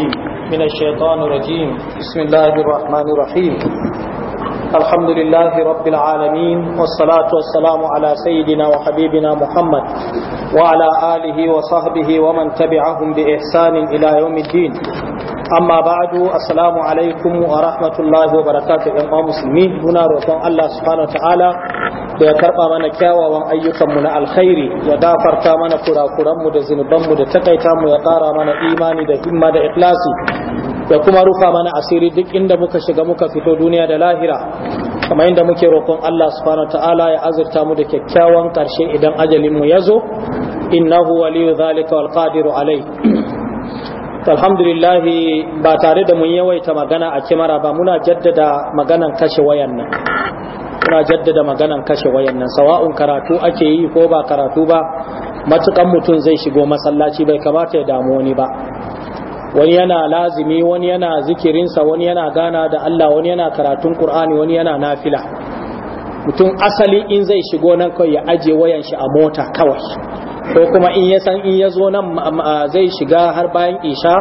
الرجيم من الشيطان الرجيم بسم الله الرحمن الرحيم الحمد لله رب العالمين والصلاة والسلام على سيدنا وحبيبنا محمد وعلى آله وصحبه ومن تبعهم بإحسان إلى يوم الدين أما بعد السلام عليكم ورحمة الله وبركاته أمام مسلمين هنا رسول الله سبحانه وتعالى da ya karba mana kyawawan ayyukanmu na alkhairi ya dafarta mana kurakuranmu da zunubanmu da takaita mu ya kara mana imani da himma da ikhlasi ya kuma rufa mana asiri duk inda muka shiga muka fito duniya da lahira kamar inda muke roƙon Allah subhanahu ta'ala ya azurta mu da kyakkyawan karshe idan ajalin mu yazo innahu waliyyu zalika wal qadiru alai alhamdulillah ba tare da mun yawaita magana a kimara ba muna jaddada maganan kashe wayan nan suna jaddada maganan kashe wayan nan sawa'un karatu ake yi ko ba karatu ba matukan mutum zai shigo masallaci bai kamata ya damu wani ba wani yana lazimi wani yana zikirinsa wani yana gana da Allah wani yana karatun Qur'ani wani yana nafila mutum asali in zai shigo nan kawai ya aje wayan shi a mota kawai ko kuma in ya san in ya zo nan zai shiga har bayan isha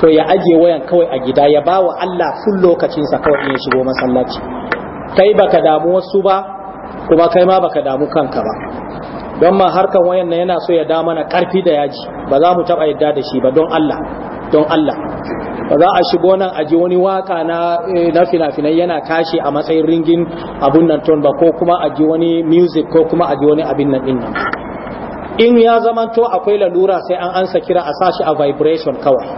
to ya aje wayan kawai a gida ya bawa Allah full lokacinsa kawai in ya shigo masallaci kai baka damu wasu ba kuma kai ma baka damu kanka ba don ma harkan wayan nan yana so ya da mana karfi da yaji ba za mu taba yadda da shi ba don Allah don Allah ba za a shigo nan a ji wani waka na eh, na fina-finai yana tashi a matsayin ringin abun nan ton ba ko kuma a ji wani music ko kuma a ji wani abin nan din in ya to akwai lalura sai an ansa kira a sashi a vibration kawai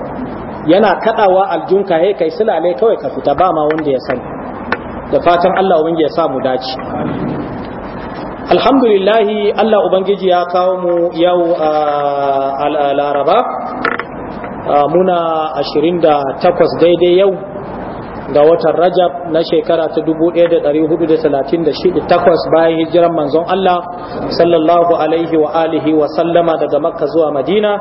yana kadawa aljunka he kai sulale kawai ka fita ba ma wanda ya sani da fatan Allah ubangi ya sa mu dace alhamdulillahi Allah ubangiji ya kawo mu yau a laraba muna 28 daidai yau ga watan rajab na shekara ta 1438 bayan hijiran manzon Allah sallallahu alaihi wa alihi wa sallama daga makka zuwa madina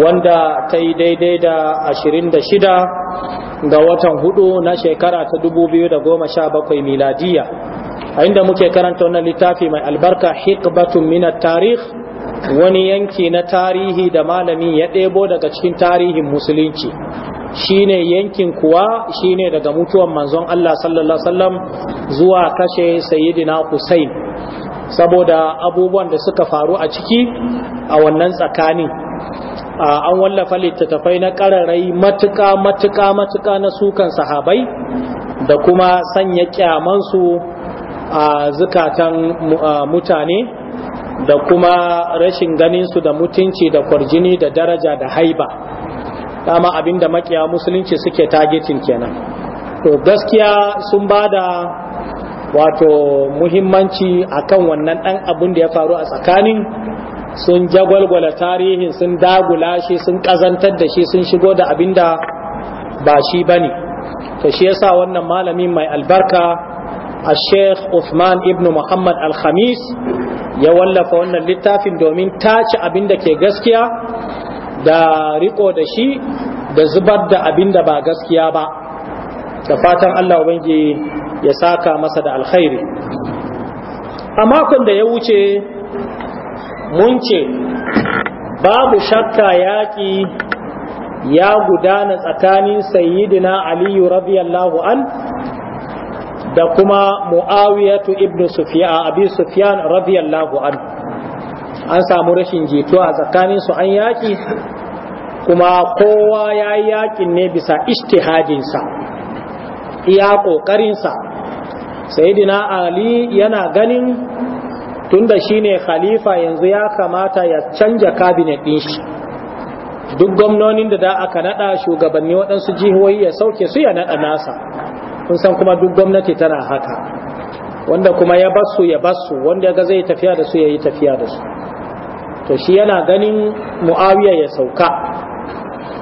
wanda ta yi daidai da 26 ga watan hudu na shekara ta 2017 miladiya a inda muke karanta wannan littafi mai albarka hikbatun minat tarih wani yanki na tarihi da malami ya ɗebo daga cikin tarihin musulunci shine yankin kuwa shine daga mutuwan manzon Allah sallallahu wasallam zuwa kashe sayyidina Hussein saboda abubuwan da suka faru a ciki a wannan tsakani. an wallafa littattafai na ƙararai matuƙa matuka matuƙa na sukan sahabai da kuma sanya kyamansu a zukatan mutane da kuma rashin ganinsu da mutunci da kwarjini da daraja da haiba dama abin da makiya musulunci suke targetin kenan to gaskiya sun ba da wato muhimmanci akan wannan ɗan abun da ya faru a tsakanin sun jagwalgwala tarihin sun dagula shi sun kazantar da shi sun shigo da abinda da ba shi ba to shi yasa wannan malamin mai albarka a sheikh Uthman ibn Muhammad al-Khamis ya wallafa wannan littafin domin tace abin da ke gaskiya da riko da shi da zubar da abinda ba gaskiya ba da fatan Allah ubangi ya saka masa da alkhairi a makon da ya wuce mun ce babu shakka yaƙi ya gudana tsakanin sayyidina aliyu radiyallahu an da kuma mu'awiyatu ibnu Sufiya abi sufyan radiyallahu an an samu rashin jituwa tsakanin su an yaƙi kuma kowa ya yi yaƙin ne bisa ishtihadinsa iya ƙoƙarinsa sayyidina ali yana ganin tunda shine khalifa yanzu ya kamata ya canja cabinet din shi duk gwamnonin da da aka nada shugabanni waɗansu jihohi ya sauke su ya nada nasa kun san kuma duk gwamnati tana haka wanda kuma ya basu ya basu wanda ga zai tafiya da su ya yi tafiya da su to shi yana ganin muawiya ya sauka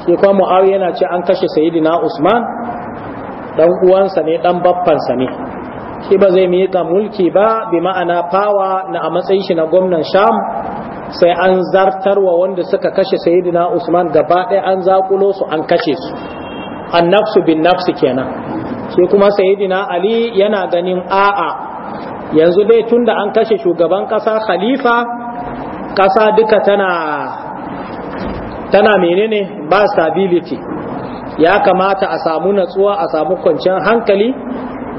shi kuma muawiya yana ce an kashe sayyidina usman dan uwansa ne dan baffansa ne shi ba zai miƙa mulki ba bi ma'ana fawa na a matsayin shi na gwamnan sham sai an zartarwa wanda suka kashe sayyidina usman gaba ɗaya an zakulo su an kashe su an nafsu bin nafsu kenan shi kuma sayyidina ali yana ganin a'a yanzu dai tunda an kashe shugaban ƙasa khalifa ƙasa duka tana tana menene ba stability ya kamata a samu natsuwa a samu kwanciyar hankali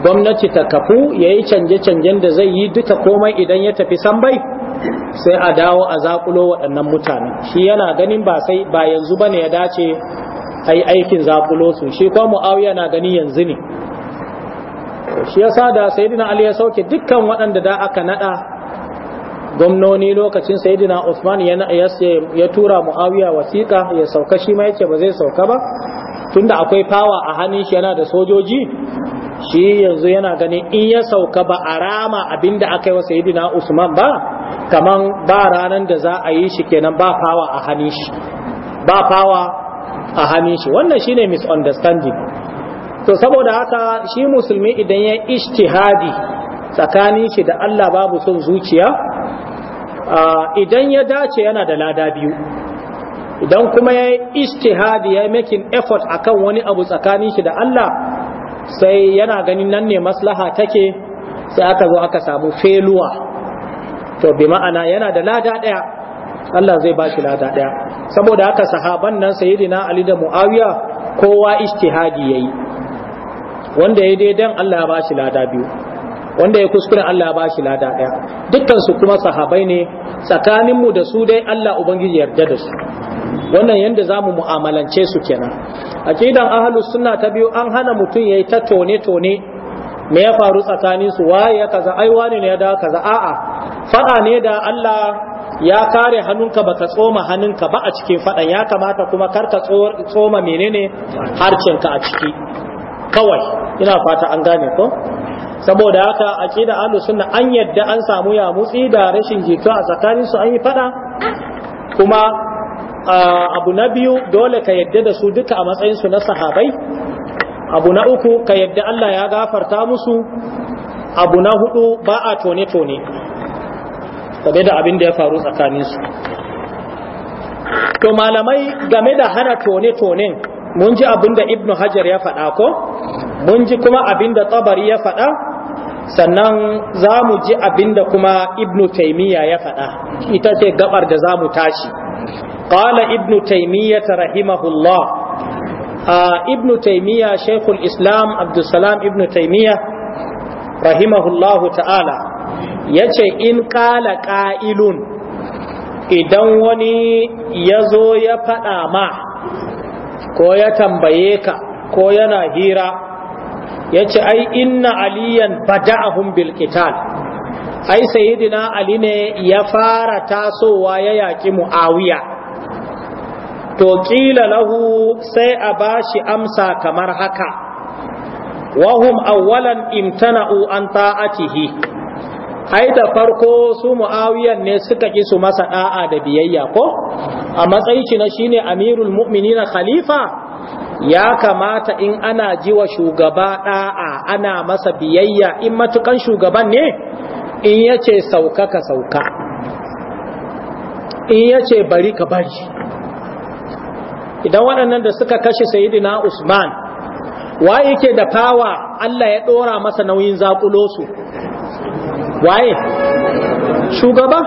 gwamnati ta kafu ya yi canje-canjen da zai yi duka komai idan ya tafi sambai sai a dawo a zakulo waɗannan mutane shi yana ganin ba sai ba yanzu ne ya dace yi aikin zakulo su shi kuma muawiya na gani yanzu ne shi ya sa da sayidina ali ya sauke dukkan waɗanda da aka naɗa gwamnoni lokacin sayidina Usman ya tura Muawiya wasiƙa ya sauka shi ma yake ba zai sauka ba tunda akwai fawa a hannun shi yana da sojoji shi yanzu yana ganin in ya sauka ba a rama abinda aka yi wa sayidina usman ba kaman ba ranar da za a yi shi kenan ba fawa a hannun shi ba fawa a hannun shi wannan shine misunderstanding to saboda haka shi musulmi idan ya ishtihadi tsakanin shi da Allah babu son zuciya idan ya dace yana da lada biyu idan kuma ya yi ishtihadi ya yi making effort akan wani abu tsakanin shi da Allah sai yana ganin nan ne maslaha take sai aka zo aka samu feluwa to bi ma'ana yana da lada daya Allah zai ba shi lada daya saboda haka sahaban nan sayyidina Ali da Muawiya kowa ijtihadi yayi wanda ya daidan Allah ya ba lada biyu wanda ya kuskure Allah ba shi lada ɗaya dukkan su kuma sahabai ne tsakanin mu da su dai Allah ubangiji yarda da su wannan yanda zamu mu'amalance su kenan aqidan ahlus sunna ta biyu an hana mutum yayi ta tone tone me ya faru tsakanin su waye ya kaza ai wani ne ya da kaza a'a fada ne da Allah ya kare hannunka baka tsoma hannunka ba a cikin fadan ya kamata kuma kar ka tsoma menene harcinka a ciki kawai ina fata an gane ko saboda haka aqida ahlus sunna an yadda an samu ya mutsi da rashin jituwa a tsakanin su an yi fada kuma Ah, abu na biyu dole ka yadda da su duka a matsayinsu na sahabai abu na uku ka yadda Allah ya gafarta musu abu na hudu ba a tone-tone game da abin da ya faru tsakaninsu to malamai game da hana tone tone mun ji abin da ibnu hajar ya faɗa ko mun ji kuma abin da tsabari ya faɗa sannan za mu ji abin da kuma ibnu taimiyya ya faɗa ita ce gabar da za mu tashi qala ibnu taymiyyah rahimahullah ibnu taymiyyah shaykhul islam abdussalam ibnu taymiyyah rahimahullahu ta'ala yace in qala qa'ilun idan wani ya zo ya faɗa ma ko ya tambaye ka ko yana hira ya ce ai inna aliyan bada'ahum bil qital ai sayyidina ali ne ya fara tasowa ya yaki muawiya to ƙila lahu sai a bashi amsa kamar haka wahum awwalan imtana'u an ta'atihi ai da farko su mu'awiyan ne suka ƙi su masa da'a da biyayya ko a matsayi shi na shine amirul mu'minina khalifa ya kamata in ana jiwa wa shugaba da'a ana masa biyayya in matukan shugaban ne in yace sauka ka sauka in yace bari ka bari idan waɗannan da suka kashe sayidina usman waye yake da fawa Allah ya ɗora masa nauyin zakulo su waye shugaba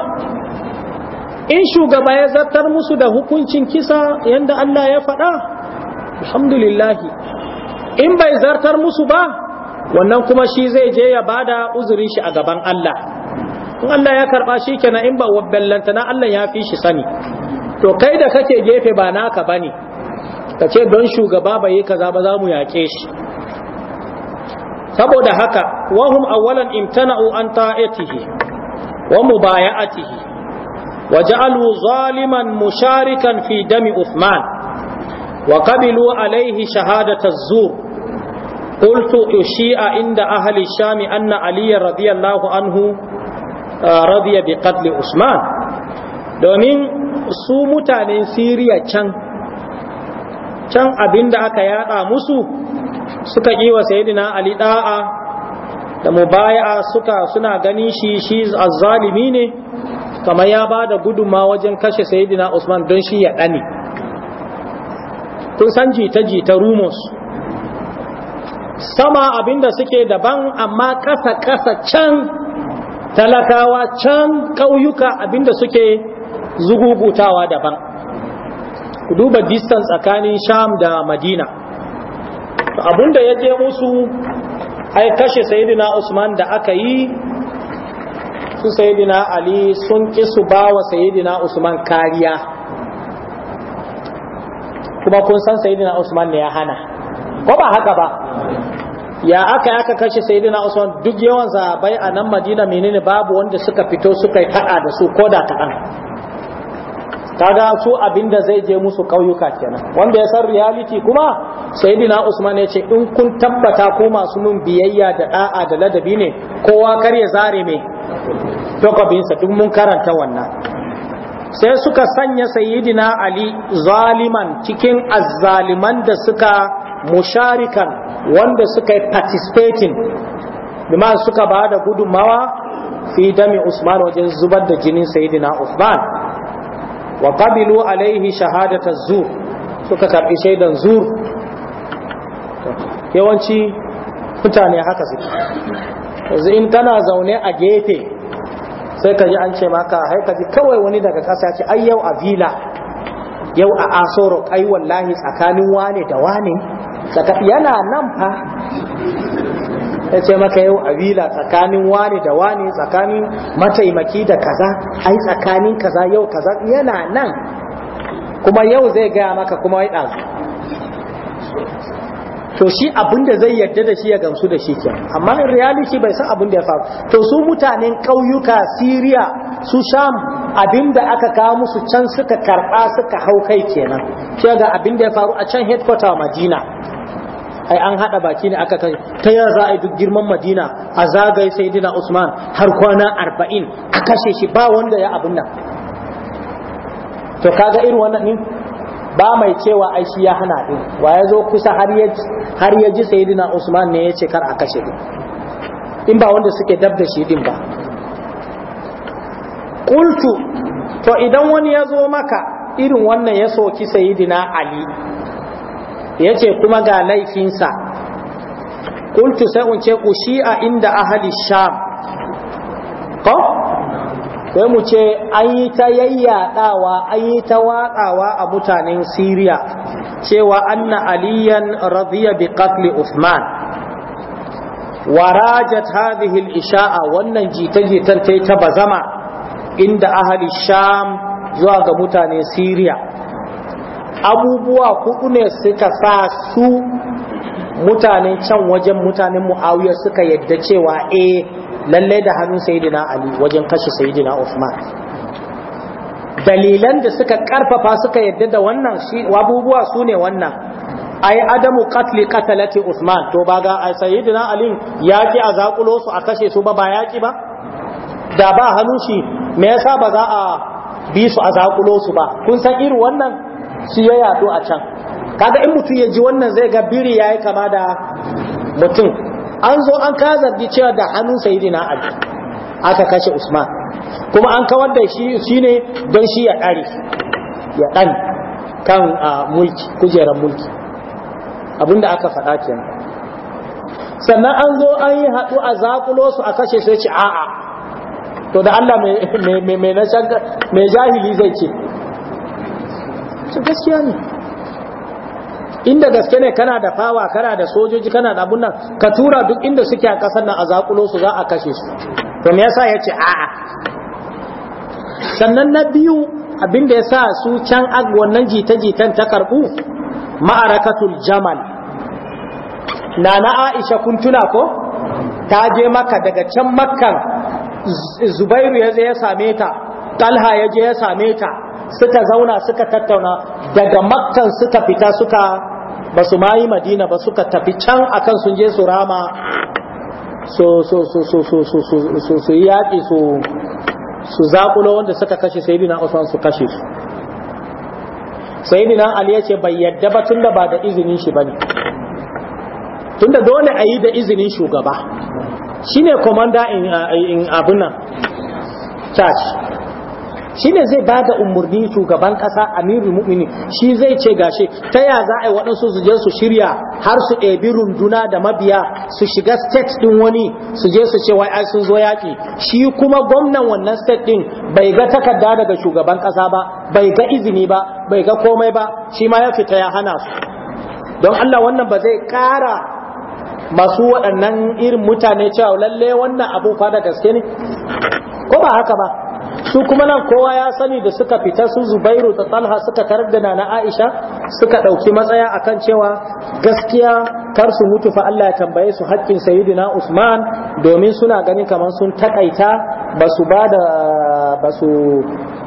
in shugaba ya zartar musu da hukuncin kisa yanda Allah ya faɗa alhamdulillahi in bai zartar musu ba wannan kuma shi zai je ya bada uzurin shi a gaban Allah in Allah ya karba shi kenan in ba wabbalanta na Allah ya fi shi sani to kai da kake gefe ba naka bane ka ce don shugaba bai yi kaza ba za mu yaƙe shi saboda haka wahum awwalan imtana'u an ta'atihi wa mubaya'atihi wa ja'alu zaliman musharikan fi dami Uthman wa qabilu alayhi shahadata az-zur قلت أشيع inda أهل الشام Anna علي radiyallahu anhu عنه رضي بقتل عثمان domin su mutanen siriya can can abin da aka yada musu suka yi wa sayyidina ali da'a da mubaya'a suka suna ganin shi shi azzalimi ne kamar ya ba da gudunma wajen kashe sayyidina usman don shi ya dane Tun san jita-jita rumus sama abin da suke daban amma kasa-kasa can talakawa can ƙauyuka da suke zugugutawa daban ku duba distance tsakanin sham da madina abinda ya je musu ai kashe sayidina usman da aka yi su sayidina ali sun ki su ba wa sayidina usman kariya kuma kun san sayidina usman ne ya hana ko ba haka ba ya aka aka kashe sayidina usman duk yawan zabai a nan madina menene babu wanda suka fito suka yi fada da su ko da ta'an kaga su abinda zai je musu kauyuka kenan wanda ya san reality kuma sayyidina usman ya ce in kun tabbata ko masu mun biyayya da da'a da ladabi ne kowa kar ya zare me takobinsa duk mun karanta wannan sai suka sanya sayyidina ali zaliman cikin azzaliman da suka musharikan wanda suka yi participating bima suka bada da gudunmawa fi dami usman wajen zubar da jinin sayyidina usman wa qabilu alaihi shahadata zur suka karbi shaidan zur yawanci mutane haka suke yanzu in kana zaune a gefe sai ka ji an ce maka hai ka ji kawai wani daga kasa ce ai yau a vila yau a asoro ai wallahi tsakanin wane da wane yana nan fa ya ce maka yau a wila tsakanin wani da wani tsakanin mataimaki da kaza ai tsakanin kaza yau kaza yana nan kuma yau zai gaya maka kuma wai ɗazu to shi abin da zai yarda da shi ya gamsu da shi ke amma in reality bai san abin da ya faru to su mutanen ƙauyuka siriya su sham abin da aka kawo musu can suka karɓa suka hau kai kenan shi ga abin da ya faru a can headquarter Madina ai an hada baki ne aka kai ta ya za a yi duk girman madina a zagaye sayyidina usman har kwana arba'in a kashe shi ba wanda ya abin nan to kaga irin wannan din ba mai cewa ai shi ya hana din wa ya zo kusa har ya har ya ji sayyidina usman ne ya ce kar a kashe din in ba wanda suke dab da shi din ba qultu to idan wani ya zo maka irin wannan ya soki sayyidina ali yace kuma ga laifinsa qultu sai unce ku shi'a inda ahali sham ko sai mu ce an yi ta yayyadawa an yi ta watsawa a mutanen Siriya. cewa anna aliyan radiya bi qatl Usman warajat hadhihi al-isha'a wannan jita-jitar ta bazama inda ahli sham zuwa ga mutanen Siriya. abubuwa hudu ne suka sa su mutanen can wajen mutanen mu'awiyar suka yadda cewa e lalle da hannun sayidina ali wajen kashe sayidina Usman. dalilan da suka karfafa suka yadda da wannan shi abubuwa su ne wannan ai adamu Katli, Katalati, Usman, to ba ga saidina Ali ya ki a zakulo su a kashe su ba ba ya ki ba da ba hannun shi me yasa ba za a bi su a zakulo su ba kun san irin wannan shi ya a can kaga in mutum ya ji wannan zai ga biri ya yi kama da mutum an zo an ka zargi cewa da hannun sayidina ali aka kashe usman kuma an kawar da shi ne don shi ya ɗare ya ɗan kan mulki kujerar mulki abinda aka faɗa kenan sannan an zo an yi haɗu a zakulo su a kashe sai ci a'a to da Allah mai jahili zai ce ce gaskiya ne inda gaske ne kana da fawa kana da sojoji kana da abun nan ka tura duk inda suke a kasar nan a zakulo su za a kashe su to me yasa yace a'a sannan na biyu abin abinda yasa su can wannan jita-jitan ta karbu ma'arakatul jamal nana Aisha kun tuna ko ta je maka daga can makkan Zubairu ya je ya same ta Talha ya je ya same ta suka zauna suka tattauna daga makkan suka fita suka ba su mayi madina ba suka tafi can akan sun je su rama su su yaƙi su su zaƙulo wanda suka kashe sayidina Usman su kashe su sayidina Ali ya ce bai yadda ba tunda ba da izinin shi bane tunda dole a yi da izinin shugaba shine commander in abun nan charge ne zai bada umurni shugaban kasa amirul mu'mini shi zai ce gashi ta ya za a yi waɗansu su je su shirya har su ɗebi runduna da mabiya su shiga state ɗin wani su je su ce wai ai sun zo yaƙi shi kuma gwamnan wannan state ɗin bai ga takarda daga shugaban kasa ba bai ga izini ba bai ga komai ba shi ma ya fita ya hana su don Allah wannan ba zai ƙara masu waɗannan irin mutane cewa lalle wannan abu fa da gaske ne ko ba haka ba su kuma nan kowa ya sani da suka fita su zubairu da talha suka da na aisha suka ɗauki matsaya akan cewa gaskiya kar su mutu fa Allah ya tambaye su haƙƙin sayyidina usman domin suna ganin kamar sun takaita ba su ba da ba su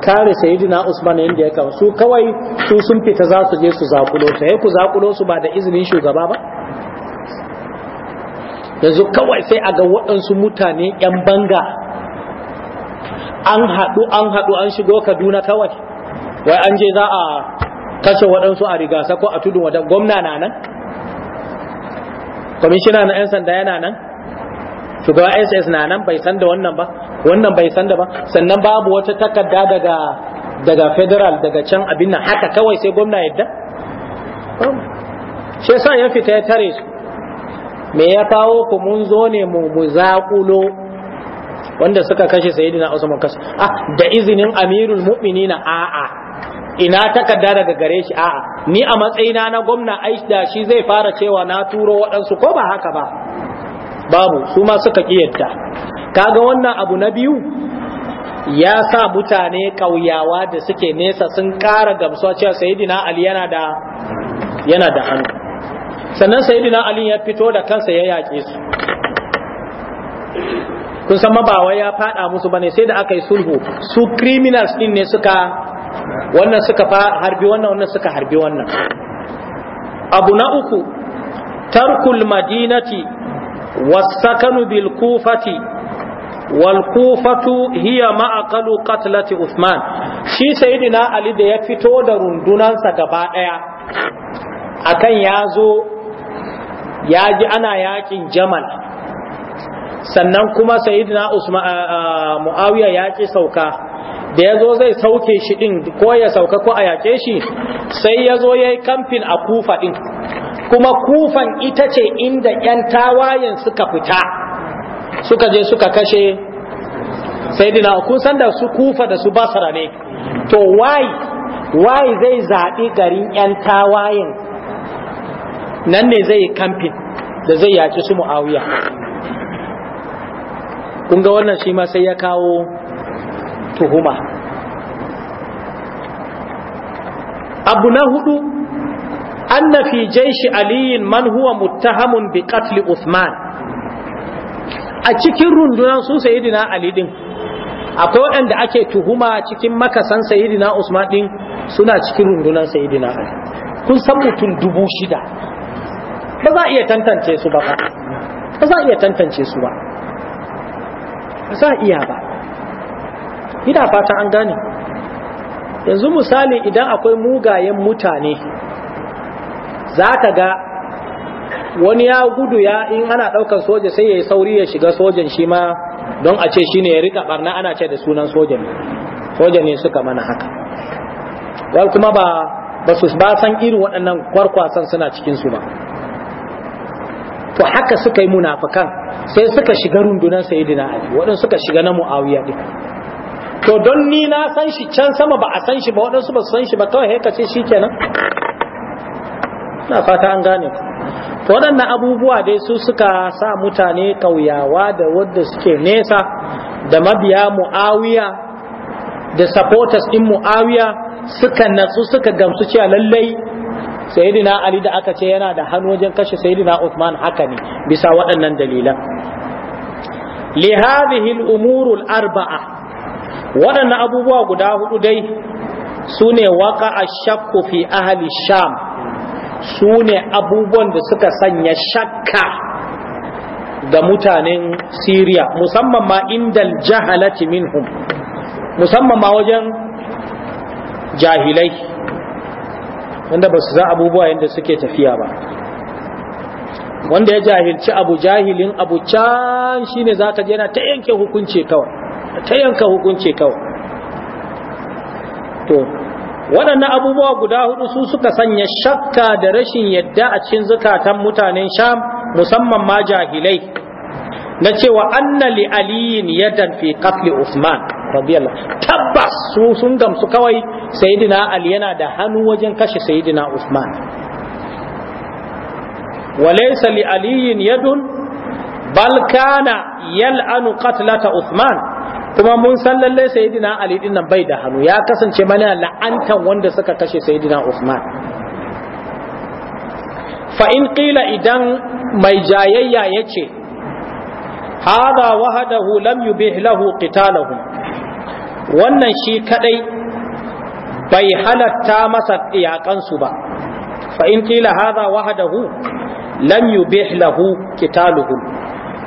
kare sayyidina usman yadda ya kama su kawai su sun fita za su je su zakulo su ku zakulo su ba da izinin shugaba ba yanzu kawai sai a ga waɗansu mutane 'yan banga an haɗu an haɗu an shigo kaduna kawai wai an je za a kashe waɗansu a rigasa ko a tudun wadan gwamna na nan kwamishina na 'yan sanda yana nan shugaba ss na nan bai san da wannan ba wannan bai san da ba sannan babu wata takarda daga daga federal daga can abin nan haka kawai sai gwamna yadda shi yasa ya fita ya tare su me ya kawo ku mun zo ne mu mu zaƙulo wanda suka kashe sayyidina Usman kasu ah da izinin amirul mu'minina a'a ina takarda daga gare shi a'a ni a matsayina na gwamna aisha shi zai fara cewa na turo waɗansu ko ba haka ba babu su ma suka kiyarta kaga wannan abu na biyu ya sa mutane ƙauyawa da suke nesa sun ƙara gamsuwa cewa sayyidina ali yana da yana da hannu sannan sayyidina ali ya fito da kansa ya yaƙe su kun san mabawa ya fada musu bane sai da aka yi sulhu su criminals din ne suka wannan suka harbi wannan wannan suka harbi wannan abu na uku tarkul madinati wasakanu bil kufati wal kufatu hiya ma'aqalu qatlati usman shi sayyidina ali da ya fito da rundunansa gaba daya akan yazo ya ji ana yakin jamal sannan kuma sayyidina usman muawiya ya ki sauka da yazo zai sauke shi din ko ya sauka ko a yake shi sai yazo yayi kamfin a kufa din kuma kufan ita ce inda 'yan tawayen suka fita suka je suka kashe sayyidina kun san da su kufa da su basara ne to why why zai zaɓi garin 'yan tawayen nan ne zai yi kamfin da zai yaki su muawiya kun ga wannan shi ma sai ya kawo tuhuma abu na hudu an na fi jaishi aliyin man huwa muttahamun bi katli Usman, a cikin rundunar su sayidina Ali din akwai waɗanda ake tuhuma cikin makasan sayidina Usman din suna cikin rundunar sayidina Ali kun san mutum dubu shida ba za a iya tantance su ba ba za a iya tantance su ba ba za iya ba ina fata an gane yanzu misali idan akwai mugayen mutane za ka ga wani ya gudu ya in ana ɗaukar soja sai ya yi sauri ya shiga sojan shi ma don a ce shi ne ya rika barna ana ce da sunan sojan sojan ne suka mana haka wal kuma ba ba su ba san irin waɗannan kwarkwasan suna cikin su ba to haka suka yi munafikan sai suka shiga rundunar sayyidina ali wadanda suka shiga na muawiya din to don ni na san shi can sama ba a san shi ba waɗansu ba su san shi ba kawai haka ce shikenan na fata an gane ku. to waɗannan abubuwa dai su suka sa mutane kauyawa da wadda suke nesa da mabiya muawiya da supporters din muawiya suka natsu suka gamsu cewa lallai sayyidina ali da aka ce yana da hannu wajen kashe sayyidina Usman, haka ne bisa waɗannan dalilan li hadhihi arbaa waɗannan abubuwa guda hudu dai sune waqa ash-shakku fi ahli sham sune abubuwan da suka sanya shakka ga mutanen Syria musamman ma indal jahalati minhum musamman ma wajen jahilai wanda ba su za abubuwa yadda suke tafiya ba wanda ya jahilci abu jahilin abu can shine za ka jana ta yanke hukunci kawai ta yanka hukunci kawai to waɗannan abubuwa guda hudu su suka sanya shakka da rashin yadda a cikin zukatan mutanen sha, musamman ma jahilai na cewa annali aliyin yadda fi katli usman tabbas su sun gamsu kawai sayyidina ali yana da hannu wajen kashe sayyidina usman walaysa li aliyin yadun bal kana yal'anu qatlata usman kuma mun san lalle sayyidina ali din nan bai da hannu ya kasance mana la'antan wanda suka kashe sayyidina usman fa in qila idan mai jayayya yace hadha wahdahu lam yubih lahu qitalahum wannan shi kadai bai halatta masa iyakansu ba fa in qila hadha wahdahu lam yubih lahu qitaluhum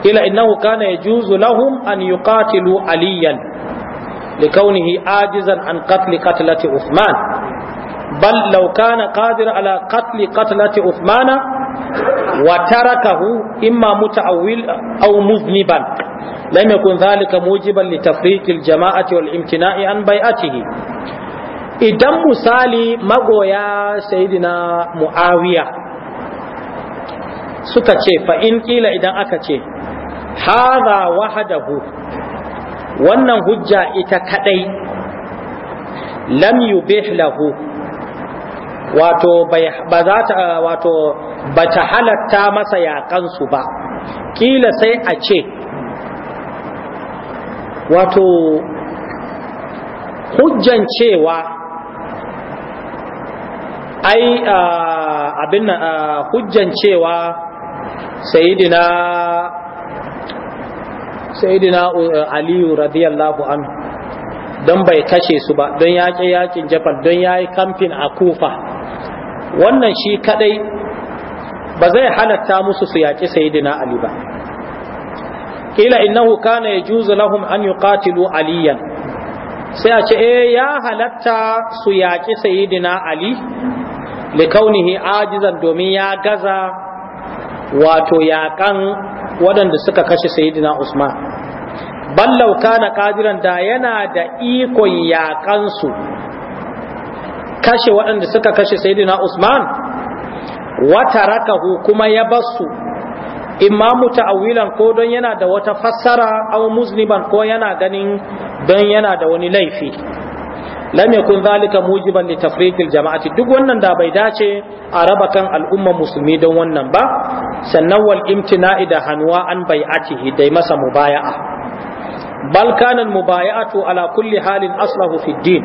qila innahu kana yajuzu lahum an yuqatilu aliyan likawnihi ajizan an qatli qatlati uthman bal law kana qadir ala qatli qatlati uthmana wa tarakahu imma muta'awwil aw mudhniban lam yakun zalika mujiban li tafriqil jama'ati wal imtina'i an bai'atihi idan misali magoya sayidina muawiya suka ce fa in idan aka ce hadha wahdahu wannan hujja ita kadai lam yubih lahu wato bata halatta masa yaƙansu ba ƙila sai a ce wato hujjan cewa ai abin hujjan cewa sayidina sayidina uh, aliyu radiyallahu anhu don bai kashe su ba don yaƙe yaƙin jafar don ya yi kamfin a kufa wannan shi kadai ba zai halatta musu su yaƙi sayidina ali ba kila innahu kana yajuzu lahum an yuqatilu aliyan sai a ce eh ya halatta su yaƙi sayyidina ali likaunihi ajizan domin ya gaza wato yaƙan waɗanda suka kashe sayyidina usman ballau kana qadiran da yana da ikon yaƙan su kashe waɗanda suka kashe sayyidina usman wata rakahu kuma ya basu imma ta'awilan ko don yana da wata fassara aw musliman ko yana ganin don yana da wani laifi lam yakun zalika mujiban li tafriqil jama'ati duk wannan da bai dace a raba kan al'umma musulmi don wannan ba sannan wal imtina'i da hanwa an bai'atihi dai masa mubaya'a bal kana mubaya'atu ala kulli halin aslahu fi din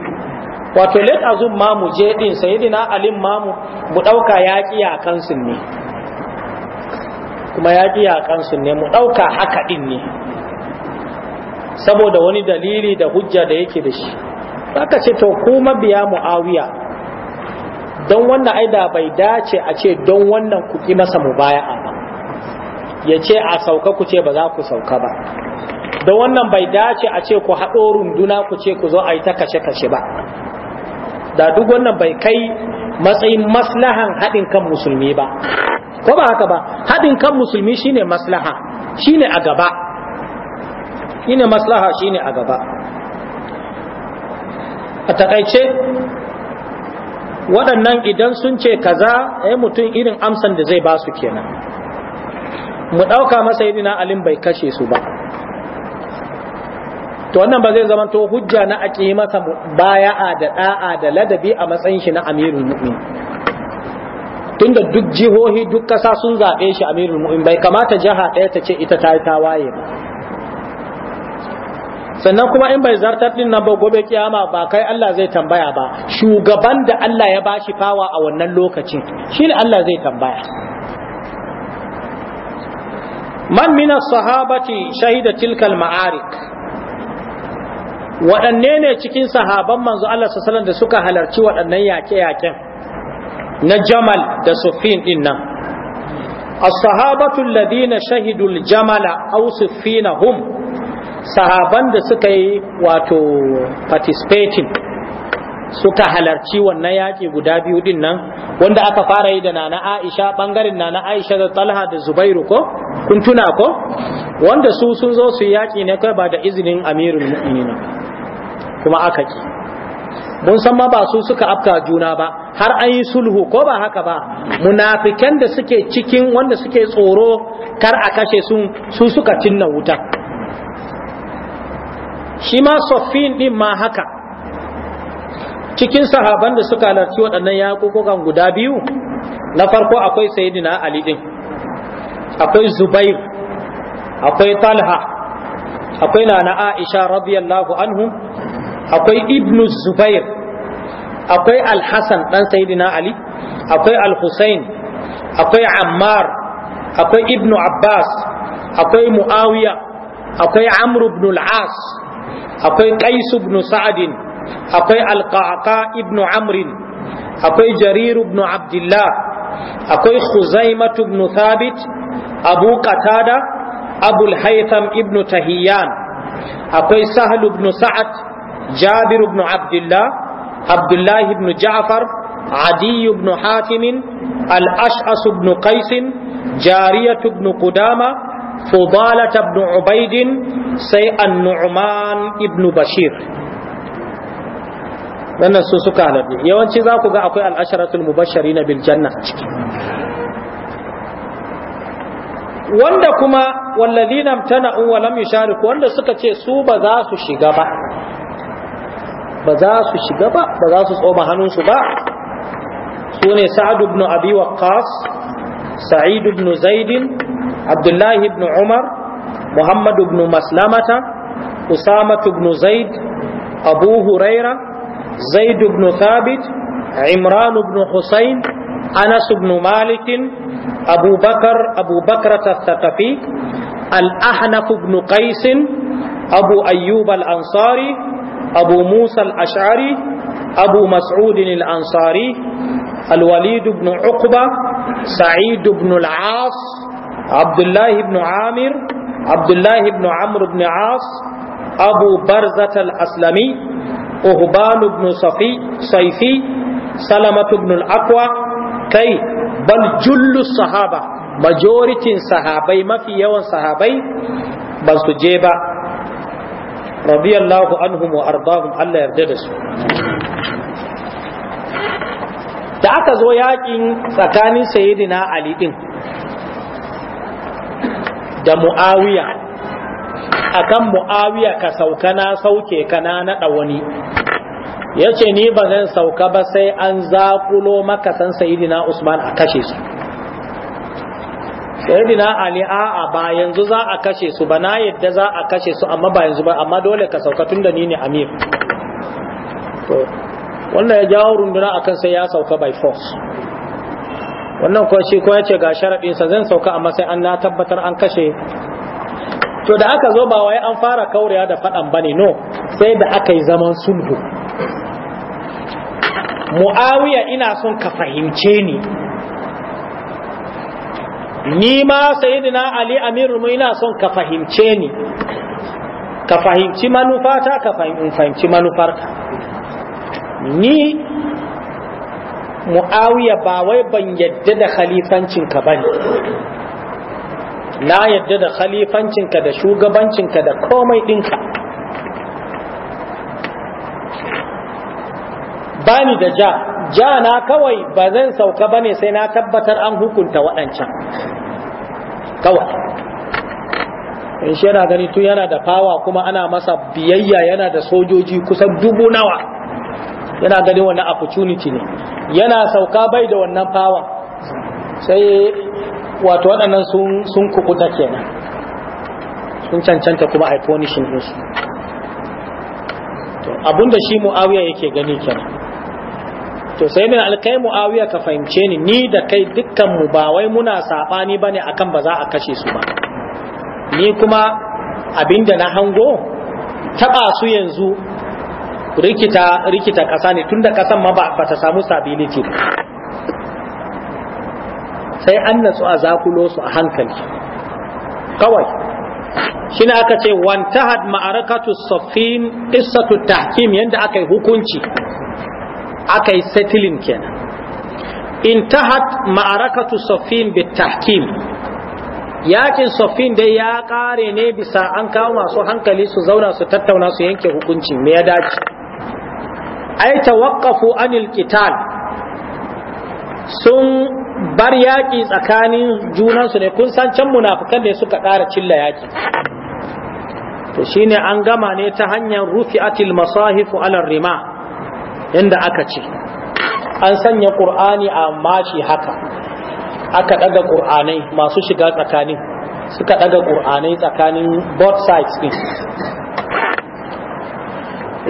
wato let azum mamu je din sayyidina alim mamu mu dauka yaki yakan ne kuma ya ji yaƙansu ne mu ɗauka haka ɗin ne saboda wani dalili da hujja da yake da shi aka ce to ku mabiya mu'awiya don wannan aida bai dace a ce don wannan ku ki masa baya ba ya ce a sauka ku ce ba za ku sauka ba don wannan bai dace a ce ku haɗo runduna ku ce ku zo a yi ta kashe-kashe ba da duk wannan bai kai matsayin maslahan haɗin kan musulmi ba ko ba haka ba haɗin kan musulmi shine maslaha shine a gaba shine maslaha shine a gaba a takaice waɗannan idan sun ce kaza ya eh, mutum irin amsan da zai ba su kenan mu ɗauka masa yadina alim bai kashe su ba to wannan ba zai zama to hujja na ake masa a da da'a da ladabi a matsayin shi na amirul mu'min tunda duk jihohi duk kasa sun zaɓe shi amirul mu'min bai kamata jiha ɗaya ta ce ita ta yi tawaye ba sannan kuma in bai zartar din nan ba gobe kiyama ba kai Allah zai tambaya ba shugaban da Allah ya bashi fawa a wannan lokacin shine Allah zai tambaya man mina sahabati shahida tilka maarik waɗanne ne cikin sahaban manzo Allah sallallahu da suka halarci waɗannan yaƙe-yaƙen na Jamal da Sufin din nan as-sahabatu alladhina shahidu al-jamala aw sufinahum sahaban da suka yi wato participating suka halarci wannan yaƙi guda biyu din nan wanda aka fara yi da nana Aisha bangaren nana Aisha da Talha da Zubairu ko kun tuna ko wanda su sun zo su yaƙi ne kai ba da izinin Amirul Mu'minin kuma aka ki mun san ma ba su suka afka juna ba har an yi sulhu ko ba haka ba munafikan da suke cikin wanda suke tsoro kar a kashe su su suka cinna wuta shi ma Soffin din ma haka cikin sahaban da suka halarci waɗannan yaƙuƙuƙan guda biyu na farko akwai sayidina ali din akwai zubair akwai talha akwai nana aisha radiyallahu anhu akwai ibnu zubair akwai alhassan ɗan sayidina ali akwai alhusain akwai ammar akwai ibnu abbas akwai muawiya akwai amru ibn akwai qais ibn sa'd akwai alqaqa ibnu amrin akwai jarir ibnu abdullah akwai khuzaimatu ibnu thabit abu qatada abul haytham ibnu tahiyyan akwai sahal ibnu sa'ad jabir ibnu abdullah abdullah ibnu ja'far عدي بن حاتم الأشعث بن قيس جارية بن قدامة فضالة بن عبيد سي النعمان ابن بشير wannan su suka halarci yawanci za ku ga akwai al'asharatul mubashari na biljanna ciki wanda kuma wallazina tana'u wa lam yushariku wanda suka ce su ba za su shiga ba ba za su shiga ba ba za su tsoma hannunsu ba su ne sa'ad ibn abi waqqas sa'id ibn zaid bnu ibn umar muhammad ibn maslamata usama ibn zaid abu zaid ibn thabit imran ibn husayn anas ibn malik abu bakr al-thaqafi al-ahnaf ibn qais abu ayyub al-ansari abu musa al-ash'ari abu mas'ud al-ansari الوليد بن عقبة سعيد بن العاص عبد الله بن عامر عبد الله بن عمرو بن عاص أبو برزة الأسلمي uhban ibn safi saifi salamatu ibn al-aqwa kai bal jullu sahaba majoritin sahabai mafi yawan sahabai ba su je ba radiyallahu anhum wa ardahum Allah yarda da su da aka zo yakin tsakanin sayyidina ali din da muawiya akan mu'awiya ka sauka na sauke ka na naɗa wani ya ce ni ba zan sauka ba sai an zakulo maka san sayidina usman a kashe su sayidina ali a'a ba yanzu za a kashe su ba na yadda za a kashe su amma ba yanzu ba amma dole ka sauka tun da ni ne amir to wannan ya jawo runduna akan sai ya sauka by force wannan kuwa shi ko ya ce ga sharaɗinsa zan sauka amma sai an na tabbatar an kashe to da aka zo ba wai an fara kaurewa da faɗan bane no sai da aka yi zaman sulhu mu'awiya ina son ka fahimce ni ni ma sayyidina ali mu ina son ka fahimce ni ka fahimci manufata ka fahimci manufarka ni mu'awiya ba wai ban yadda da khalifancinka bane na yadda da khalifancinka da shugabancinka da komai ɗinka bani da ja ja na kawai ba zan sauka ba ne sai na tabbatar an hukunta waɗancan kawai in shi yana gani tun yana da fawa kuma ana masa biyayya yana da sojoji kusan dubu nawa yana gani wannan opportunity ne yana sauka bai da wannan fawa sai wato waɗannan sun kukuta kenan sun cancanta kuma a ɗinsu abinda shi mu'awiya yake gani kenan to sai min alkai mu'awiya ka fahimce ni ni da kai dukkan mu ba wai muna saɓani ba ne akan ba za a kashe su ba ni kuma abinda na hango taɓa su yanzu rikita rikita ƙasa ne tunda ƙasan ma ba ta samu stability sai an natsu a zakulo su a hankali kawai shi ne aka ce wantahad ma'arakatu sofin isatu tahkim yadda aka yi hukunci aka yi settling kenan In ta had ma'arakatu sofin bi tahkim yakin sofin dai ya kare ne bisa an kawo masu hankali su zauna su tattauna su yanke hukunci me ya dace ai tawaqqafu anil qital sun bar yaƙi tsakanin junansu ne kun san can munafukan da suka ƙara cilla yaƙi to shine an gama ne ta hanyar rufi'atil masahifu alar rima inda aka ce an sanya ƙur'ani a mashi haka aka ɗaga ƙur'anai masu shiga tsakanin suka ɗaga ƙur'anai tsakanin both sides ɗin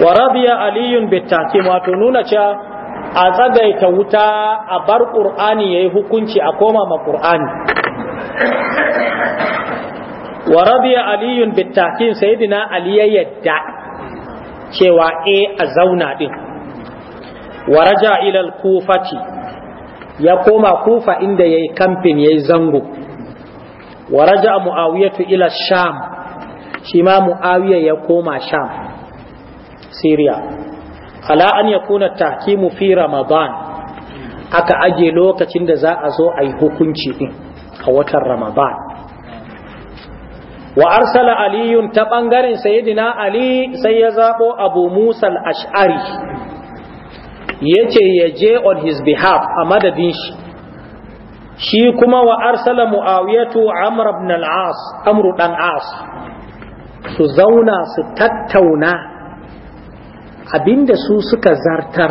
wa rabiya aliyun bittakim wato nuna cewa a tsagaita wuta a bar ƙur'ani ya yi hukunci a koma ma ƙur'ani wa rabiya aliyun bittakin sayidina ali ya yadda cewa e a zauna din wa raja ilal kufati ya koma kufa inda ya yi kamfin ya yi zango wa raja mu'awiyatu ila sham shi ma mu'awiyar ya koma sham Siriya. ala an yakuna tahkimu fi ramadan aka aje lokacin da za a zo a yi hukunci din a watan ramadan wa arsala aliyun ta bangaren sayyidina ali sai ya zabo abu musa al-ash'ari yace ya je on his behalf a madadin shi shi kuma wa arsala muawiyatu amr ibn al-as amru dan as su zauna su tattauna abinda su suka zartar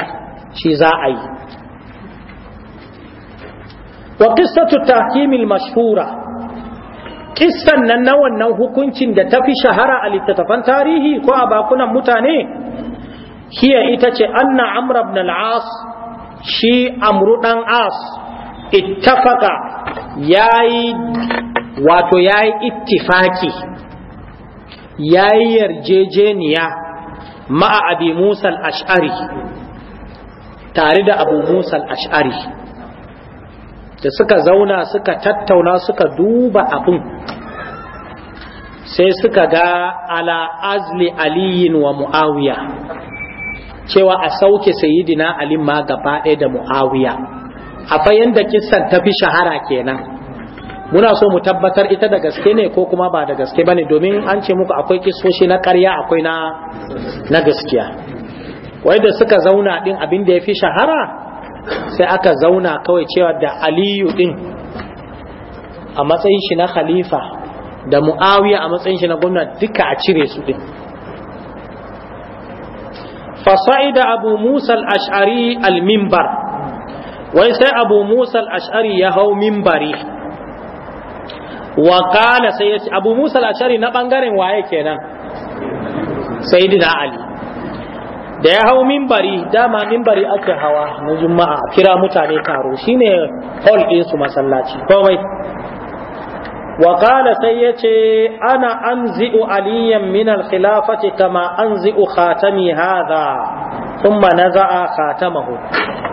shi za a yi wa qissatu tahkimil mashhura kissan nan na wannan hukuncin da tafi shahara a littattafan tarihi ko a bakunan mutane hiya ita ce anna amra ibn al-as shi amru ɗan as ya yi wato yayi ittifaki yayi yarjejeniya ma'a abi musa ashari tare da abu musal ashari da suka zauna suka tattauna suka duba abin sai suka ga ala azli aliyin wa mu'awiya cewa a sauke sayidina ali ma gaba ɗaya da mu'awiya a fayin da kissan tafi shahara kenan muna so mu tabbatar ita da gaske ne ko kuma ba da gaske ne domin an ce muku akwai kisoshi na karya akwai na na gaskiya wai da suka zauna din abin da ya fi shahara sai aka zauna kawai cewa da aliyu din a matsayin shi na khalifa da mu'awiya a matsayin shi na gwamna duka a cire su din fasa'ida abu musa al-ash'ari al-mimbar wai sai abu musa al-ash'ari ya hau mimbari wa kala sai ce abu musa al na bangaren waye kenan sayyidina ali da ya hau mimbari dama mimbari ake hawa na juma'a kira mutane taro shine hall din su masallaci komai wa kala sai ce ana anzi'u aliyan min al-khilafati kama anzi'u khatami hadha thumma naza'a khatamahu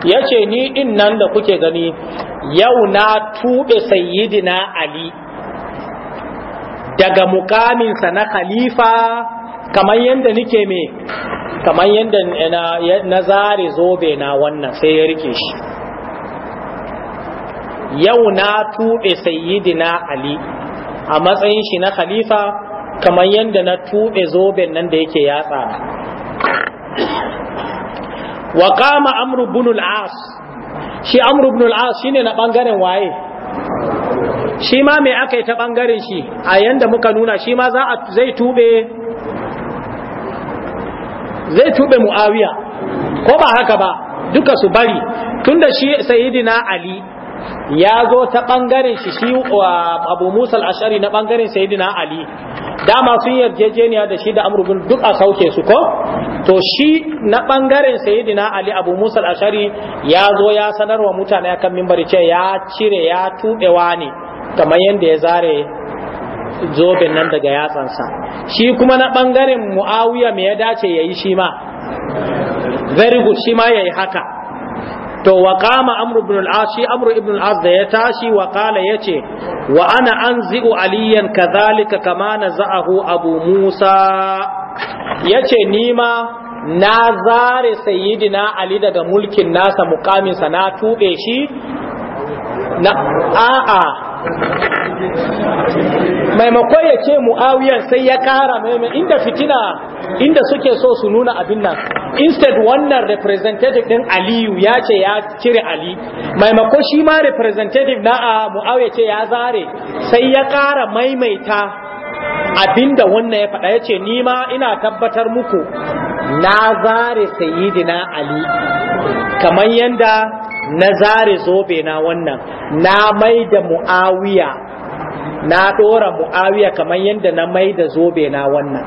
yace ni din nan da kuke gani yau na tube sayyidina ali daga mukaminsa na khalifa kamar yadda nike me kamar yadda na zare zobe na wannan sai ya rike shi yau na tuɓe sayyidina ali a matsayin shi na khalifa kamar yadda na tuɓe zoben nan da yake yatsa wa kama amru bunul as shi amru as shine na bangaren waye shi ma mai aka yi ta ɓangaren shi a yanda muka nuna shi ma zai tube zai tube mu'awiya ko ba haka ba duka su bari tunda shi sayidina ali ya zo ta ɓangaren shi shi wa abu musal ashari na ɓangaren sayidina ali dama sun yarjejeniya da shi da amurgun duk a sauke su ko to shi na ɓangaren sayidina ali abu musal ashari ya zo ya sanarwa mutane akan mimbari ce ya cire ya tuɓewa ne kamar yadda ya zare zoben nan daga yatsansa shi kuma na ɓangaren mu'awiya me ya dace ya yi shi ma very good shi ma ya yi haka to wa kama amru ibn al-as shi amru ibn al-as da ya tashi wa kala yace wa ana anzi'u aliyan kazalika kama na za'ahu abu musa yace ni ma na zare sayyidina ali daga mulkin nasa mukamin sa na tube shi na a'a maimakon ya ce mu'awiyar sai ya kara maimakon inda fitina inda suke so su nuna abin nan instead wannan representative din aliyu ya ce ya cire ali maimakon shi ma representative na a mu'awiyar ce ya zare sai ya kara maimaita abinda wannan ya faɗa ya ce nima ina tabbatar muku na zare sayidina ali kamar yadda. na zare zobe na wannan na mai da mu'awiya na dora mu'awiya kamar yadda na mai da zobe na wannan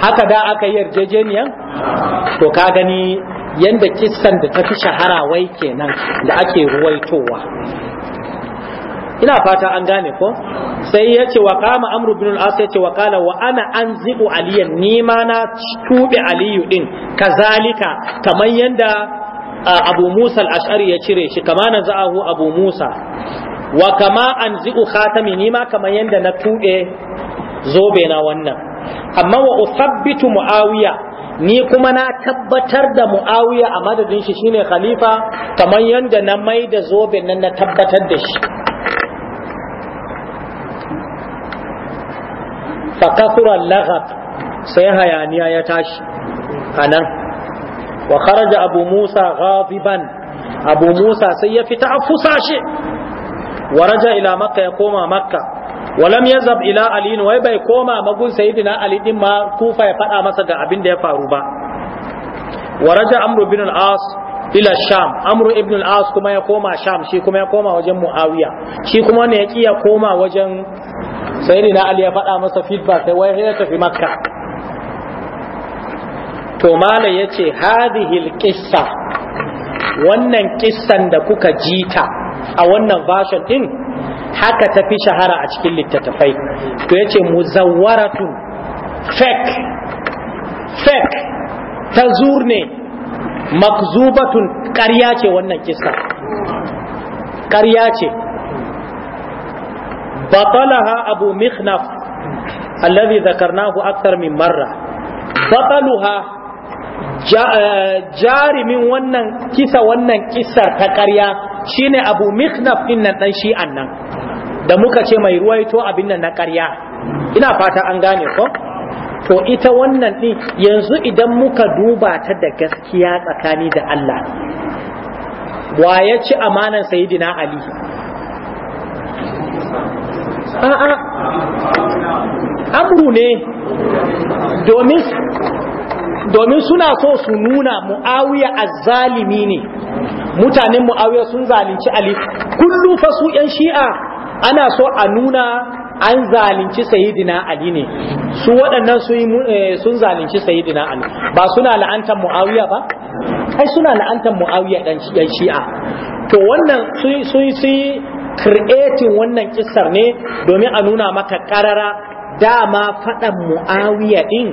haka da aka yi yarjejeniyan to ka gani yadda kissan da ta fi shahara wai kenan da ake ruwaitowa ina fata an gane ko sai ya ce wa kama amru bin al-as ya ce wa kala wa ana anzibu aliyan ni ma na tube aliyu din kazalika kamar yanda abu musa al-ash'ari ya cire shi kama na za'ahu abu musa wa kama an zi'u khatami ni ma kamar yadda na tuɗe zobe na wannan amma wa usabbitu muawiya ni kuma na tabbatar da muawiya a madadin shi shine khalifa kamar yanda na mai da zobe nan na tabbatar da shi fa kasura sai hayaniya ya tashi anan wa kharaja abu musa ghadiban abu musa sai ya fita a fusashe wa raja ila makka ya koma makka wa lam yazab ila ali wai bai koma magun sayyidina ali din ma kufa ya faɗa masa ga abin da ya faru ba wa raja amru bin al-as ila sham amru ibn al-as kuma ya koma sham shi kuma ya koma wajen muawiya shi kuma ne ya koma wajen sayyidina ali ya faɗa masa feedback sai wai ya tafi makka to malam ya ce hadihil kissa wannan kissan da kuka jita a wannan version din haka ta fi shahara a cikin littattafai to ya ce muzawwaratu fake fake ta zurne makzubatun karya ce wannan kissa karya ce batalaha abu mikhnaf alladhi zakarnahu akthar min marra bataluha Eh, jarimin wannan kisa wannan kisar ta ƙarya shine abu miknaf din nan dan shi'an nan da muka ce mai ruwaito abin nan na ƙarya ina fata an gane ko to ita wannan din yanzu idan muka duba ta da gaskiya tsakani da Allah wa ya ci amanan sayidina ali a'a amru ne domin domin suna so su nuna mu'awiya azzalimi ne mutanen mu'awiya sun zalunci ali kullum fa su yan shi'a ana so a nuna an zalunci sayidina ali ne su waɗannan sun eh, zalunci sayidina ali ba suna la'antar mu'awiya ba ai suna la'antar mu'awiya dan shi'a to wannan sun yi creating wannan kissar ne domin a nuna maka karara dama faɗan mu'awiya ɗin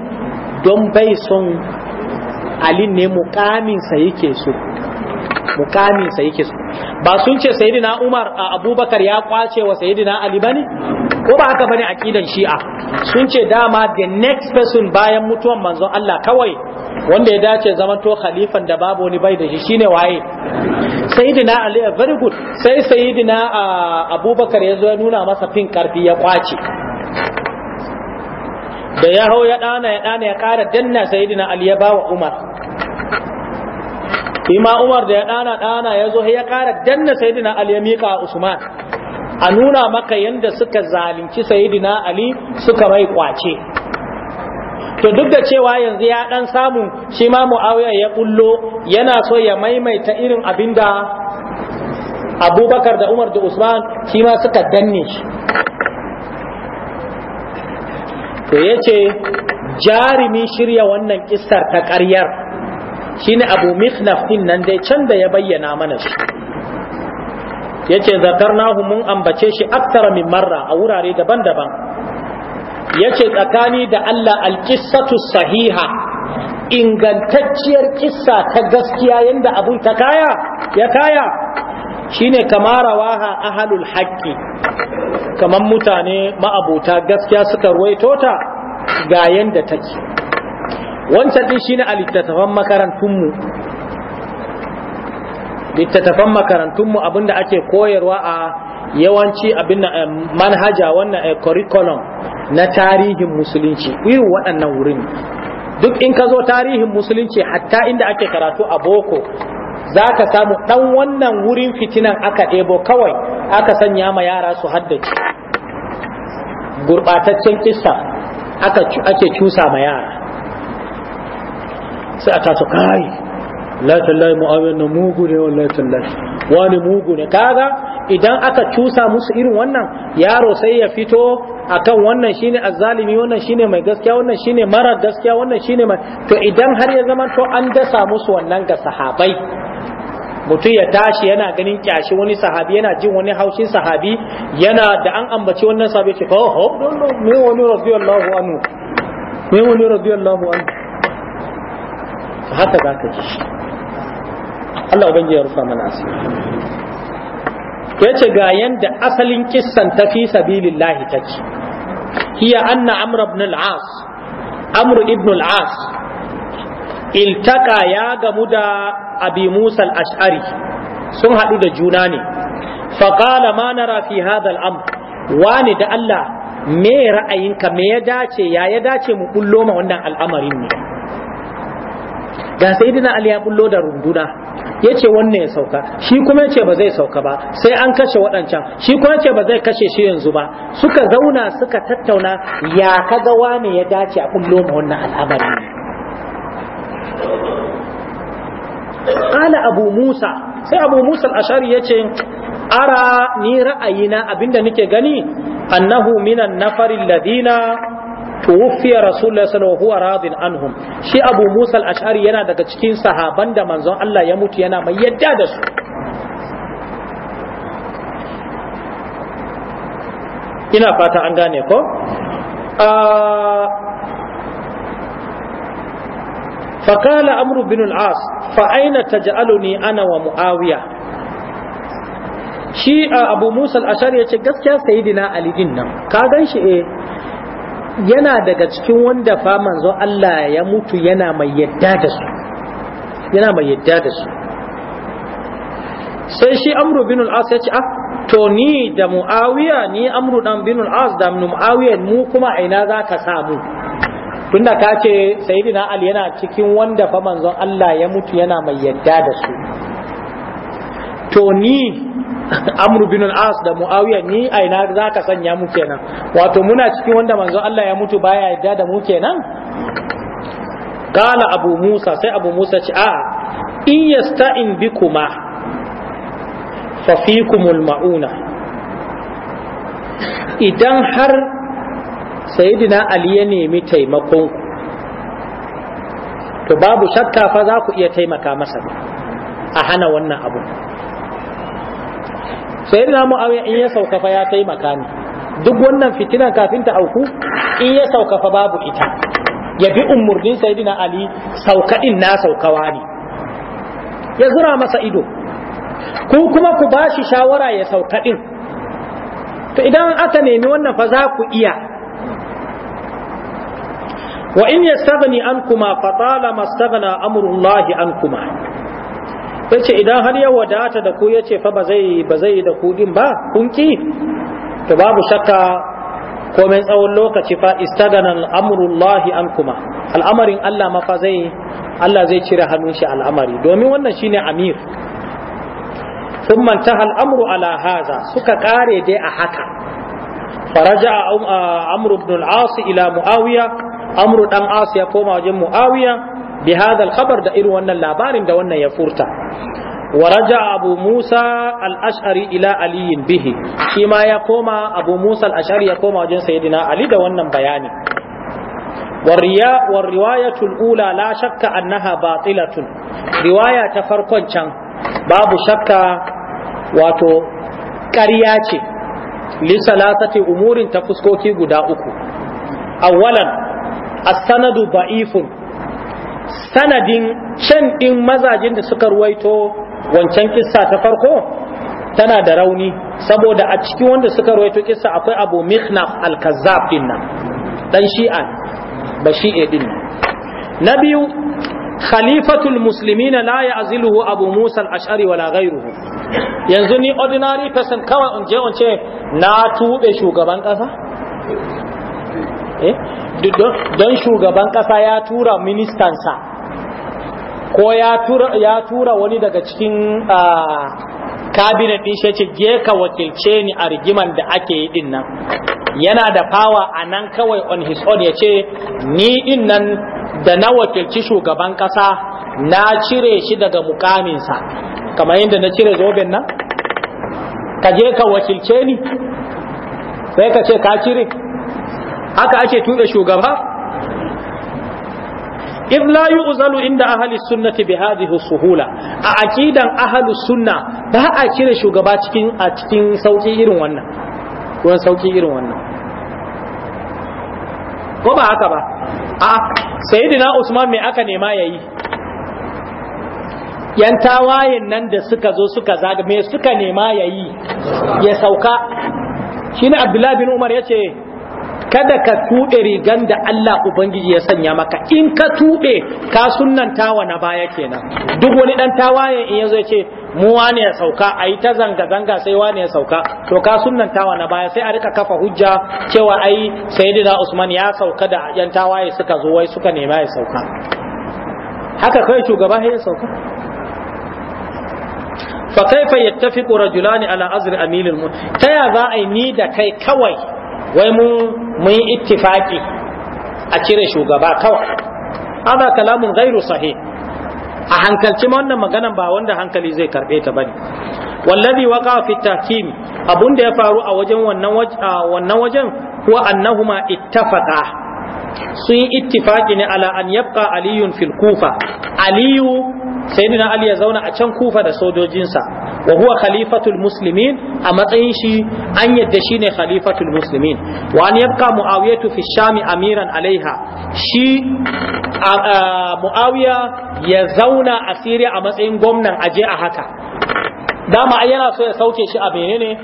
don bai son alin ne mukaminsa yake so mukaminsa yake so ba sun ce sayidina umar a abubakar ya kwace wa sayidina ali bane ko ba haka bane akidan shi'a sun ce dama the next person bayan mutuwan manzon Allah kawai wanda ya dace zaman to khalifan da babu wani bai da shi shine waye sayidina ali very good sai sayidina ah, abubakar ya zo ya nuna masa fin karfi ya kwace da ya hau ya ɗana ya ɗana ya ƙara danna sayidina ali ya ba wa umar ima umar da ya ɗana ɗana ya zo ya ƙara danna sayidina ali ya mika usman a nuna maka yanda suka zalunci sayidina ali suka mai kwace to duk da cewa yanzu ya ɗan samu shi ma mu'awiya ya ƙullo yana so ya maimaita irin abinda abubakar da umar da usman shi ma suka danne shi to yace jarimi shirya wannan kissar ta ƙaryar shine abu mikhnaf din nan dai can da ya bayyana mana shi yace zakarnahu mun ambace shi aktara min marra a wurare daban-daban yace tsakani da Allah alqissatu sahiha ingantacciyar kissa ta gaskiya yanda abun ta kaya ya kaya shine kamara waha ahalul haqqi kaman mutane ma'abota gaskiya suka ruwaito ta ga yanda take wancan din shine a mu makarantunmu makarantun makarantunmu abinda ake koyarwa a yawanci abin eh, manhaja wannan eh, curriculum na tarihin musulunci irin waɗannan wurin duk in ka zo tarihin musulunci hatta inda ake karatu a boko za ka samu ɗan wannan wurin fitinan aka ɗebo kawai aka sanya ma yara su haddace gurɓataccen kissa ake cusa ma yara sai a taso kai latallahi mu'awiyar na mugu ne wallahi tallahi wani mugu ne kaga idan aka cusa musu irin wannan yaro sai ya fito a kan wannan shine azalimi wannan shine mai gaskiya wannan shine marar gaskiya wannan shine mai to idan har ya zama to an dasa musu wannan ga sahabai mutum ya tashi yana ganin kyashi wani sahabi yana jin wani haushin sahabi yana da an ambaci wannan sahabi ce ko oh, oh, ho me wani radiyallahu anhu me wani radiyallahu anhu haka zaka ji Allah ubangiji ya rufa mana asiri yace ga yanda asalin kissan ta fi sabilillahi take hiya anna amr ibn al-as amr ibn al-as iltaka ya gamu da abi musa al-ash'ari sun haɗu da juna ne faƙala ma nara fi hadha al-amr wani da Allah me ra'ayinka me ya dace ya ya dace mu kullo ma wannan al'amarin ne ga sayyidina ali ya kullo da runduna yace wannan ya sauka shi kuma yace ba zai sauka ba sai an kashe waɗancan shi kuma yace ba zai kashe shi yanzu ba suka zauna suka tattauna ya kaga wani ya dace a kullo ma wannan al'amarin ne ƙala abu musa sai abu musa al'ashari ya ce ara ni ra'ayina abinda nake gani annahu minan nafarin ladina tuwufiya rasulullah sallallahu huwa radin anhum shi abu musa al'ashari yana daga cikin sahaban da manzon Allah ya mutu yana mai yadda da su ina fata an gane ko ah, فقال عمرو بن العاص فأين تجعلني أنا ومعاوية shi abu musa al'ashari ya ce سيدنا علي ali din nan ka yana daga cikin wanda fa manzo Allah ya mutu yana mai yadda da su yana mai yadda da su sai shi amru bin al-as ya ce ah to ni da muawiya ni amru dan bin al-as da muawiya mu kuma aina za ka samu tunda ka ce sayyidina ali yana cikin wanda fa manzon Allah ya mutu yana mai yadda da su to ni amru bin al-as da muawiya ni aina ina zaka sanya mu kenan wato muna cikin wanda manzon Allah ya mutu baya yadda da mu kenan kana abu musa sai abu musa ce a in yasta'in bikuma fa fikumul mauna idan har sayidina ali ya nemi taimakon to babu shakka fa za ku iya taimaka masa a hana wannan abu sayyidina muawiya in ya sauka fa ya taimaka ni duk wannan fitinan kafin ta auku in ya sauka fa babu ita ya bi umurnin sayidina ali sauka din na saukawa ne ya zura masa ido ku kuma ku bashi shawara ya sauka din to idan aka nemi wannan fa za ku iya wa in yastaghni ankuma fa talama astaghna amrullahi ankuma yace idan har ya wadata da ku yace fa ba zai ba zai da ku din ba kun ki to babu shakka komai tsawon lokaci fa istaghna an ankuma al'amarin Allah ma fa zai Allah zai cire hannun shi al'amari domin wannan shine amir ثم انتهى الامر ala هذا suka kare dai a haka faraja a ibn al-as ila muawiya amru dan as ya koma wajen muawiya bi hadha khabar da irin wannan labarin da wannan ya furta wa raja abu musa al-ash'ari ila aliyin bihi shi ma ya koma abu musa al-ash'ari ya koma wajen sayyidina ali da wannan bayani والرواية riwaya ta farkon can babu رواية wato شان ce شك واتو umurin ta fuskoki guda uku awwalan as-sanadu da'ifun sanadin can din mazajin da suka ruwaito wancan kissa ta farko tana da rauni saboda a cikin wanda suka ruwaito kissa akwai Abu mihnaf al-Kazzab dinnan. dan Shi'a ba Shi'a din na biyu khalifatul muslimina la ya'ziluhu Abu Musa al-Ash'ari wala ghayruhu yanzu ni ordinary person kawai in je ce na tube shugaban kasa eh don shugaban kasa ya tura ministansa ko ya tura wani daga cikin kabinet ɗin shi ce je ka wakilce ni a rigiman da ake yi din nan yana da fawa a nan kawai on his own ya ce ni din nan da na wakilci shugaban kasa na cire shi daga mukaminsa kamar yadda na cire zoben nan ka je ka wakilce ni sai ka ce ka cire haka ake tuɗe shugaba in la uzalu inda ahli ta bi hadhihi suhula a aqidan ahalus sunna ba a cire shugaba cikin a cikin sauki irin wannan ko sauki irin wannan ko ba haka ba a sayyidina usman me aka nema yi? yan tawayen nan da suka zo suka zaga me suka nema ya yi ya sauka shine abdullahi bin umar ya ce. kada ka tuɓe rigan da Allah Ubangiji ya sanya maka in ka tuɓe ka sunan tawa na baya kenan duk wani dan tawaye in yazo ce mu wane ya sauka ayi ta zanga zanga sai wane ya sauka to ka sunan tawa na baya sai a rika kafa hujja cewa ai sayyidina Usman ya sauka da yan tawaye suka zo wai suka nema ya sauka haka kai shugaba ya sauka fa kaifa yattafiqu rajulani ala azri amilil ta ya za a yi ni da kai kawai wai mu. mun yi ittifaki a cire shugaba kawai hada kalamun gairu sahih a hankalci wannan maganan ba wanda hankali zai karbe ta bane wallazi waqa fi tahkim abunda ya faru a wajen wannan wannan wajen huwa annahuma ittafaqa sun yi ne ala an yabqa aliyun fil kufa aliyu sayyidina ali ya zauna a can kufa da sojojinsa wa huwa khalifatul muslimin a matsayin shi an yadda shi ne khalifatul muslimin wa an yabqa muawiyatu fi shami amiran alaiha shi muawiya ya zauna a siriya a matsayin gwamnan aje a haka dama ai yana so ya sauke shi a menene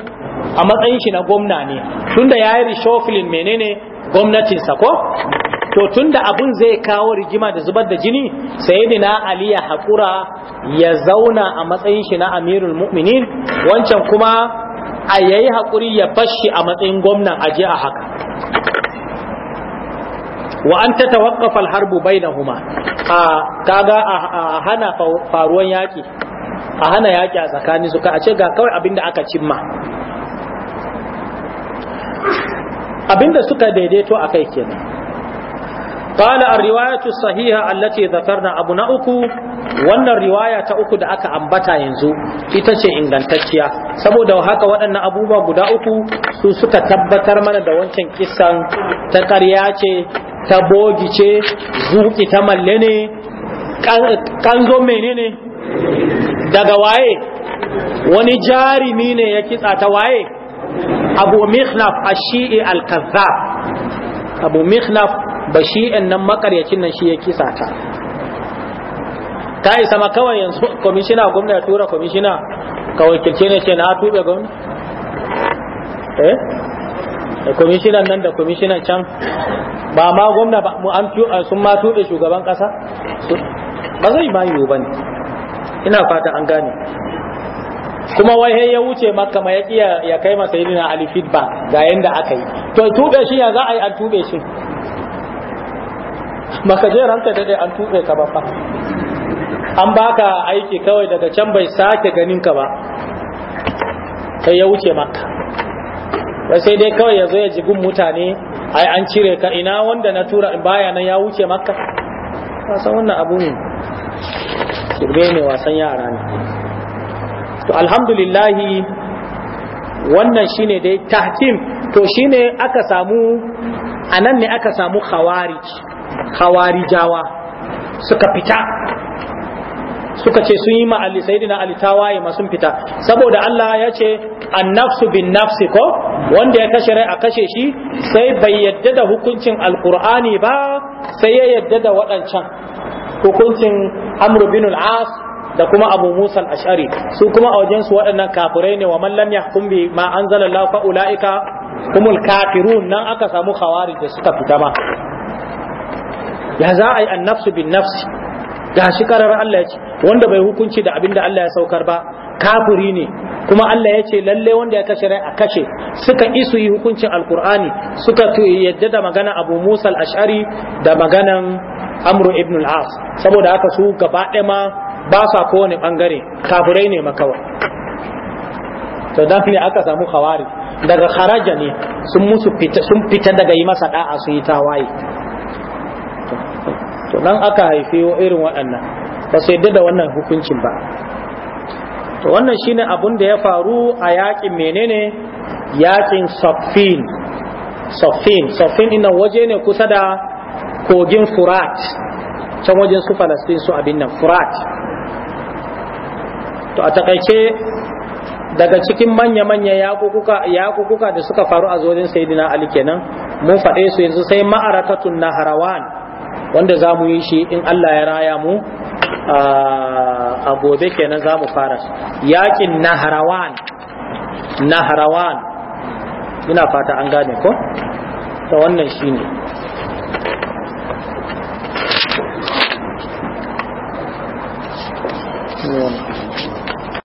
a matsayin shi na gwamna ne tunda yayi reshuffling menene gwamnatinsa ko to tunda abun zai kawo rigima da zubar da jini sayyidina ali ya hakura ya zauna a matsayin shi na amirul mu'minin wancan kuma a yayi hakuri ya bashi a matsayin gwamnan aje a haka wa an ta tawaqqafa al-harbu bainahuma a kaga a hana faruwan yaki a hana yaki a tsakanin su a ce ga kawai abinda aka cimma abinda suka daidaito a kai kenan قال الرواية الصحيحة التي ذكرنا أبو نأكو وأن الرواية تأكو دا أكا أنبتا ينزو إتشي إنغان تشيا سبو دو هكا وأن أبو با بدا أكو سوسكا تبتر من دا وانشن كسان تقرياتي تبوجي زوكي تمليني kanzo menene daga waye wani jarimi ne ya kitsa ta waye abu mikhnaf ashi'i al-kazzab abu mikhnaf bashi'in nan makaryacin nan shi ya kisa ta ta isa kawai yanzu kwamishina gwamna ya tura kwamishina ka wakilce ne ce na tuɓe gwamna eh kwamishinan nan da kwamishinan can ba ma gwamna ba mu an sun ma tuɓe shugaban ƙasa ba zai ma yiwu ba ne ina fata an gane kuma wai ya wuce maka ma ya ya kai masa yidina ali feedback ga yanda aka yi to tuɓe shi ya za a yi an tuɓe shi maka je ranka dade an tuɓe ka ba fa an baka aiki kawai daga can bai sake ganin ka ba sai ya wuce maka wai sai dai kawai ya zo ya jigun mutane ai an cire ka ina wanda na tura baya nan ya wuce maka san wannan abu ne shirbe ne wasan yara ne to alhamdulillahi wannan shine dai tahtim to shine aka samu a nan ne aka samu khawarij khawarijawa suka fita suka ce sun yi ma Ali Sayyidina Ali tawaye ma sun fita saboda Allah ya ce annafsu bin nafsi ko wanda ya kashe rai a kashe shi sai bai yadda da hukuncin alkur'ani ba sai ya yadda da waɗancan hukuncin Amr bin al-As da kuma abu musa al-ashari su kuma a wajen su waɗannan kafirai ne wa man lam yahkum bi ma anzala Allah fa ulaika humul kafirun nan aka samu khawarij da suka fita ma ya za a yi annafsu bin nafsi ga shi karar Allah ya ce wanda bai hukunci da abin da Allah ya saukar ba kafuri ne kuma Allah ya ce lalle wanda ya kashe rai a kashe suka isu yi hukuncin alkur'ani suka yadda da magana abu musa al-ash'ari da maganan amru ibn al'as saboda aka su gaba ɗaya ma ba sa kowane bangare kafurai ne makawa to dan ne aka samu khawari daga kharaja ne sun fita sun fita daga yi masa da'a su yi tawaye to nan aka haife irin waɗannan ba yadda da wannan hukuncin ba to wannan shine abun da ya faru a yakin menene yakin safin safin safin ina waje ne kusa da kogin furat can wajen su falastin su abin nan furat to a takaice daga cikin manya-manya yakukuka da suka faru a zorin sayidina ali kenan mun faɗe su yanzu sai ma'arakatun naharawan wanda za mu yi shi in Allah ya raya mu a gobe kenan za mu fara yakin naharawan naharawan ina fata an gane ko ta wannan shi ne Yeah.